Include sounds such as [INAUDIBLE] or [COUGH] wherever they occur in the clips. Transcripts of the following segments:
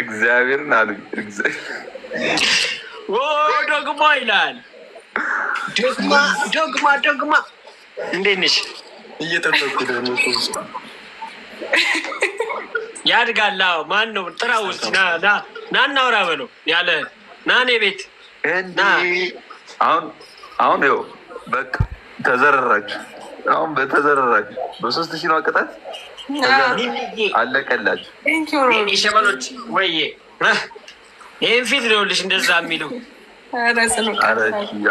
እግዚአብሔርን አሉ ደግማ ይላል። ደግማ ደግማ ደግማ እንዴት ነሽ? እየጠበኩ ደግሞ ያድጋል። ማን ነው ጥራ ውስጥ ና እናውራ በለው ያለ ና እኔ ቤት አሁን አሁን ይኸው በቃ ተዘረራችሁ። አሁን በተዘረራችሁ በሶስት ሺህ ነው ቅጣት አለቀላችሁ። ሸበሎች ወይ ይህን ፊት እንደዛ የሚለው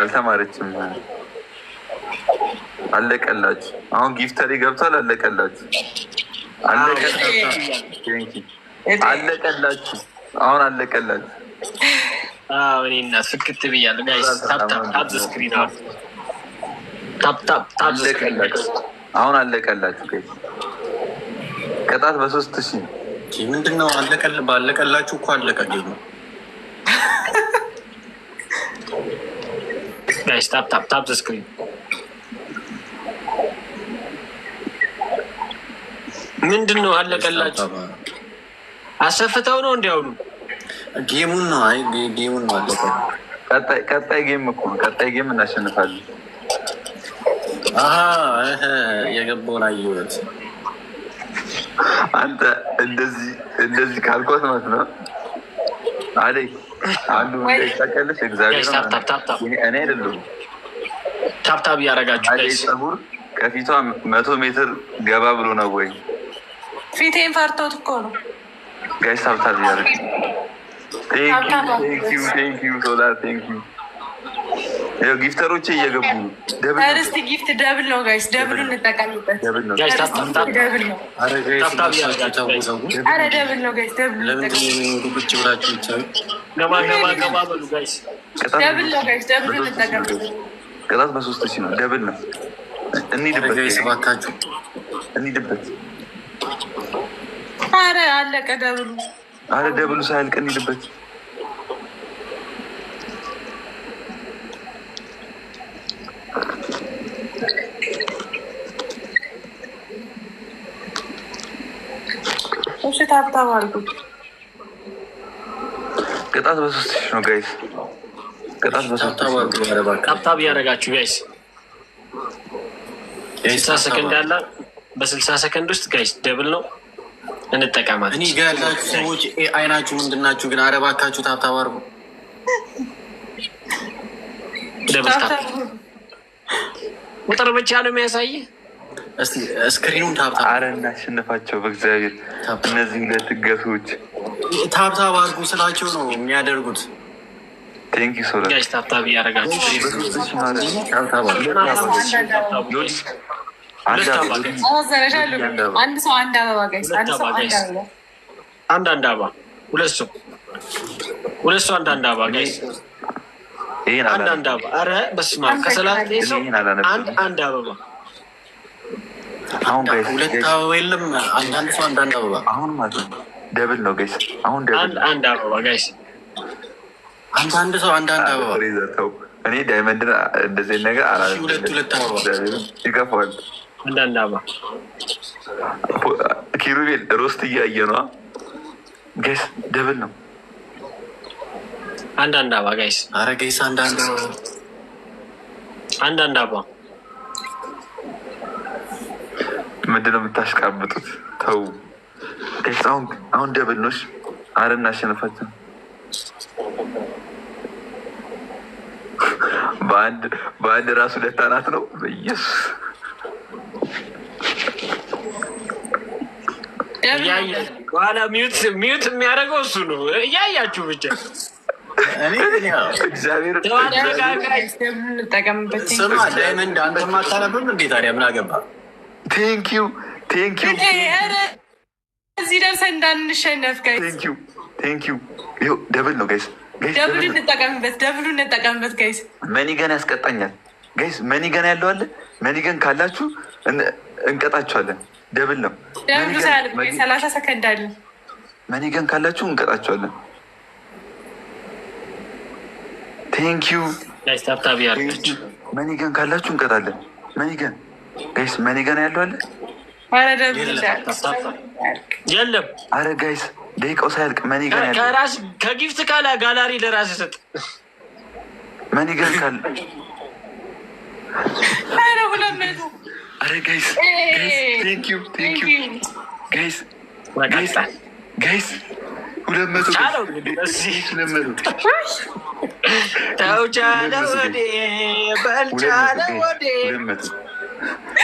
አልተማረችም። አለቀላችሁ። አሁን ጊፍተሪ ገብቷል። አለቀላችሁ፣ አለቀላችሁ። አሁን አለቀላችሁ። እኔና ብያለሁ። አሁን አለቀላችሁ። ቅጣት በሶስት ሺ ምንድን ነው? ባለቀላችሁ እኮ አለቀ ጌሙ። ምንድን ነው አለቀላችሁ? አሰፍተው ነው እንዲያውኑ ጌሙን ነው። አይ ጌሙን ነው አለቀ። ቀጣይ ጌም እኮ ቀጣይ ጌም እናሸንፋለን። የገባውን አየሁት። አንተ እንደዚህ እንደዚህ ካልኳት ማለት ነው አደይ አንዱ ይታቀልሽ እግዚአብሔር እኔ ታብታብ እያደረጋችሁ አደይ ፀጉር ከፊቷ መቶ ሜትር ገባ ብሎ ነው ወይ ፊቴን ፈርቶት እኮ ነው ጋይስ ታብታብ እያደረግ ቴንኪው ዩ ሶላር ቴንኪው ጊፍተሮቼ እየገቡ ርስቲ ጊፍት ደብል ነው ጋይስ፣ ደብሉ እንጠቀምበት። ደብል ነው ደብል ነው ጋይስ፣ በሶስት ሺህ ነው። ደብል ነው። እንሂድበት እባካችሁ እንሂድበት። አረ አለቀ ደብሉ። አረ ደብሉ ሳያልቅ እንሂድበት። ታብታብ አድርጉት። ቅጣት በሶስት ሺህ ነው ጋይስ። ቅጣት በሶስት ታብታብ እያደረጋችሁ ጋይስ ስልሳ ሰከንድ ያለ በስልሳ ሰከንድ ውስጥ ጋይስ ደብል ነው እንጠቀማለን። እኔ ጋ ያላችሁ ሰዎች አይናችሁ ምንድን ናችሁ? ግን አረባካችሁ ታብታብ አድርጉ። ደብል ቁጥር ብቻ ነው የሚያሳይ እስክሪኑን ታብታ አረ እናሸንፋቸው በእግዚአብሔር እነዚህ ለትገቶች ታብታብ አድርጉ ስላቸው ነው የሚያደርጉት ቴንኪ ሶ ታብታብ አንድ ሰው አንድ አበባ ጋይስ አንድ አንድ አበባ ሁለት ሰው ሁለት ሰው አንድ አንድ አበባ ጋይስ አንድ አንድ አበባ አረ በስመ አብ ከሰላት አንድ አንድ አበባ አሁን ሁለት አበባ የለም። አንዳንድ ሰው አንዳንድ አበባ አሁን ማለት ደብል ነው ጋይስ። አሁን ደብል አንድ አበባ ጋይስ። አንዳንድ ሰው አንዳንድ አበባ እኔ እንደዚህ ነገር ሁለት ሁለት አበባ ይገፋል። አንዳንድ አበባ ኪሩቤል ሮስት እያየ ነው ጋይስ። ደብል ነው። አንዳንድ አበባ ጋይስ። አረ ጋይስ አንዳንድ አበባ አንዳንድ አበባ ምንድነው የምታሽቃብጡት? ተው ገጻሁን አሁን ደብል ነሽ። አረ እናሸንፋቸው። በአንድ ራሱ ሁለት አናት ነው። በኢየሱስ በኋላ ሚዩት የሚያደርገው እሱ ነው። እያያችሁ ብቻ እግዚአብሔር ጠቀምበት። ስማ ዳይመንድ አንተ ማታነብም እንዴ ታዲያ ምን አገባ ቴንኪዩ ቴንኪዩ። እዚህ ደርሰን እንዳንሸነፍ ጋይስ። ቴንኪዩ ቴንኪዩ። ይኸው ደብል ነው ጋይስ። ደብሉ እንጠቀምበት፣ ደብሉ እንጠቀምበት ጋይስ። መኒ ገን ያስቀጣኛል ጋይስ። መኒ ገን ያለው አለ። መኒ ካላችሁ እንቀጣችኋለን። ደብል ነው። ደብሉ ሰላሳ ሰከንድ አለ። መኒ ካላችሁ እንቀጣችኋለን። ቴንኪዩ። መኒ ገን ካላችሁ እንቀጣለን። መኒ ጋይስ መኔ ገና ያለው አለ የለም። አረ ጋይስ ደቂቃው ሳያልቅ መኔ ጋር ያለው ከጊፍት ካላ ጋላሪ ለራስ ሰጥ መኔ ገን ካለ አረ ጋይስ ጋይስ ጋይስ ጋይስ ሁለት መቶ ወዴ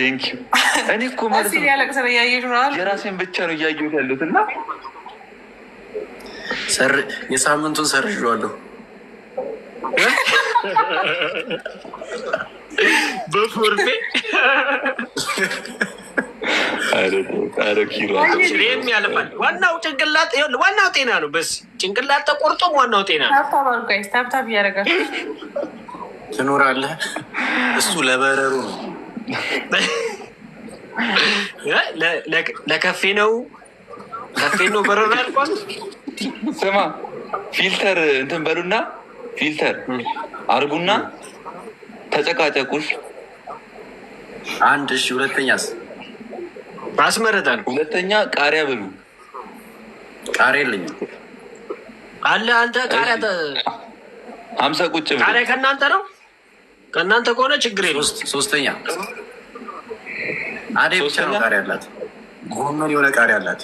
ቴንኪው። [LAUGHS] እኔ እኮ ማለት ነው የራሴን ብቻ ነው እያየሁት ያለሁት እና የሳምንቱን ሰርዤዋለሁ በፎርፌ ዋናው ጭንቅላት ዋናው ጤና ነው። በስ ጭንቅላት ተቆርጦም ዋናው ጤና ነው። ታብታብ እያደረጋችሁ ትኖራለህ። እሱ ለበረሩ ነው። ለከፌ ነው ከፌ ነው በረራ ያልኳት። ስማ ፊልተር እንትን በሉና ፊልተር አርጉና ተጨቃጨቁሽ። አንድ እሺ። ሁለተኛስ አስመረጠን። ሁለተኛ ቃሪያ ብሉ። ቃሪያ የለኝም አለ አንተ ቃሪያ ሀምሳ ቁጭ ቃሪያ ከእናንተ ነው። ከእናንተ ከሆነ ችግር የለም። ሶስተኛ አደይ ብቻ ነው ያላት። ጎመን የሆነ ያላት።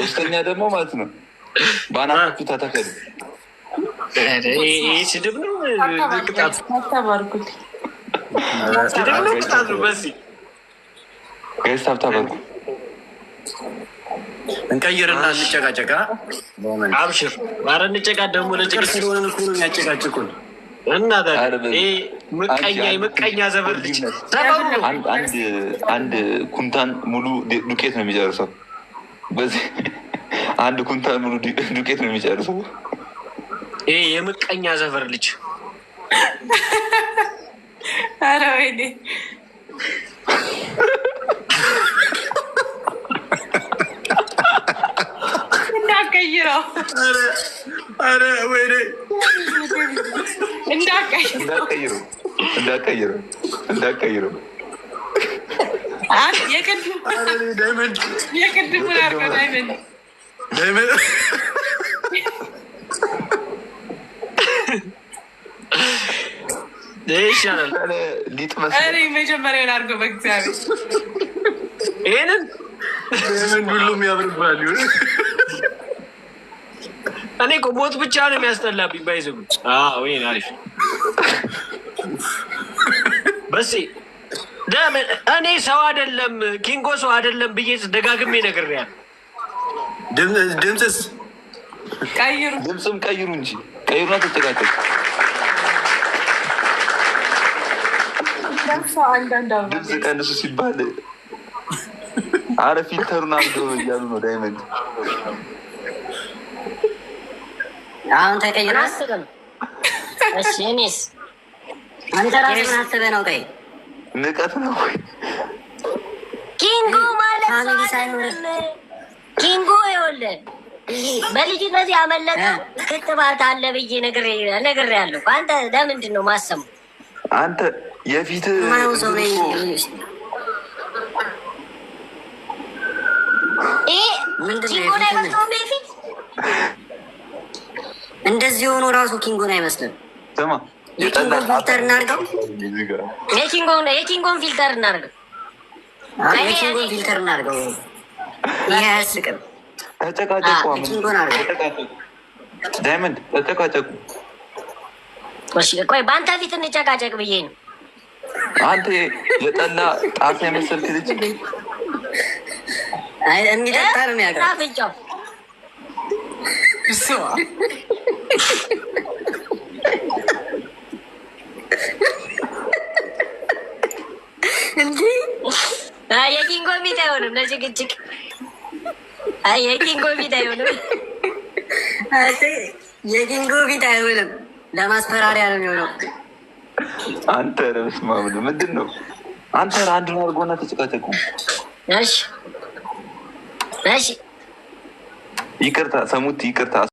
ሶስተኛ ደግሞ ማለት ነው በአናቱ ተተከሉ። ይህ ስድብ ነው። ቅጣት እንቀይርና እንጨቃጨቃ። አብሽር እንጨቃ ደግሞ ስለሆነ ነው የሚያጨቃጭቁን ምቀኛ ዘበር ልጅ አንድ ኩንታን ሙሉ ዱቄት ነው የሚጨርሰው። በዚህ [LAUGHS] አንድ ኩንታን ሙሉ ዱቄት ነው የሚጨርሰው። ይህ የምቀኛ ዘፈር ልጅ ኧረ [LAUGHS] ወይኔ [LAUGHS] እንዳትቀይረው። ኧረ ወይኔ እንዳቀይሩ እንዳቀይሩ የቅድሙን አርገ ዳይመንድ መጀመሪያውን አድርጎ በእግዚአብሔር ይህንን ሁሉም ያምርባል። እኔ እኮ ቦት ብቻ ነው የሚያስጠላብኝ። ባይዘ አሪፍ በስ እኔ ሰው አይደለም ኪንጎ ሰው አይደለም ብዬ ደጋግሜ ነግሬያለሁ። ድምፅስ ቀይሩ፣ ድምፅም ቀይሩ እንጂ ቀይሩና ትጠቃቀል ድምፅ ቀንሱ ሲባል አረ ፊልተሩን አድርገው እያሉ ነው ዳይመንድ አሁን ተቀይራ አስበህ እሺ። እኔስ አንተ ራስህን አስበህ ነው። ቀይ ንቀት ነው። ኪንጎ ማለት ኪንጎ ይኸውልህ በልጅነት ያመለጠ ክትባት አለ ብዬ ያለው አንተ ለምንድን ነው ማሰሙ? አንተ የፊት ምንድን ነው የፊት እንደዚህ የሆኑ ራሱ ኪንጎን አይመስልም። የኪንጎን ፊልተር እናድርገው። የኪንጎን ፊልተር የኪንጎን ፊልተር ይህ አያስቅም። ዳይመንድ ተጨቃጨቁ። ቆይ በአንተ ፊት እንጨቃጨቅ ብዬ ነው። አንተ የጠላ ጣፍ የመሰልክ ልጅ የሚጠጣ ነው የሚያውቀው የኪንግ ኮሚቴ አይሆንም ለጭቅጭቅ የኪንግ ኮሚቴ አይሆንም የኪንግ ኮሚቴ አይሆንም ለማስፈራሪያ ነው የሚሆነው አንተ ኧረ በስመ ምንድን ነው አንተ አንድ ነው አድርጎና ተጨቃጨቁ እሺ እሺ ይቅርታ ሰሙት ይቅርታ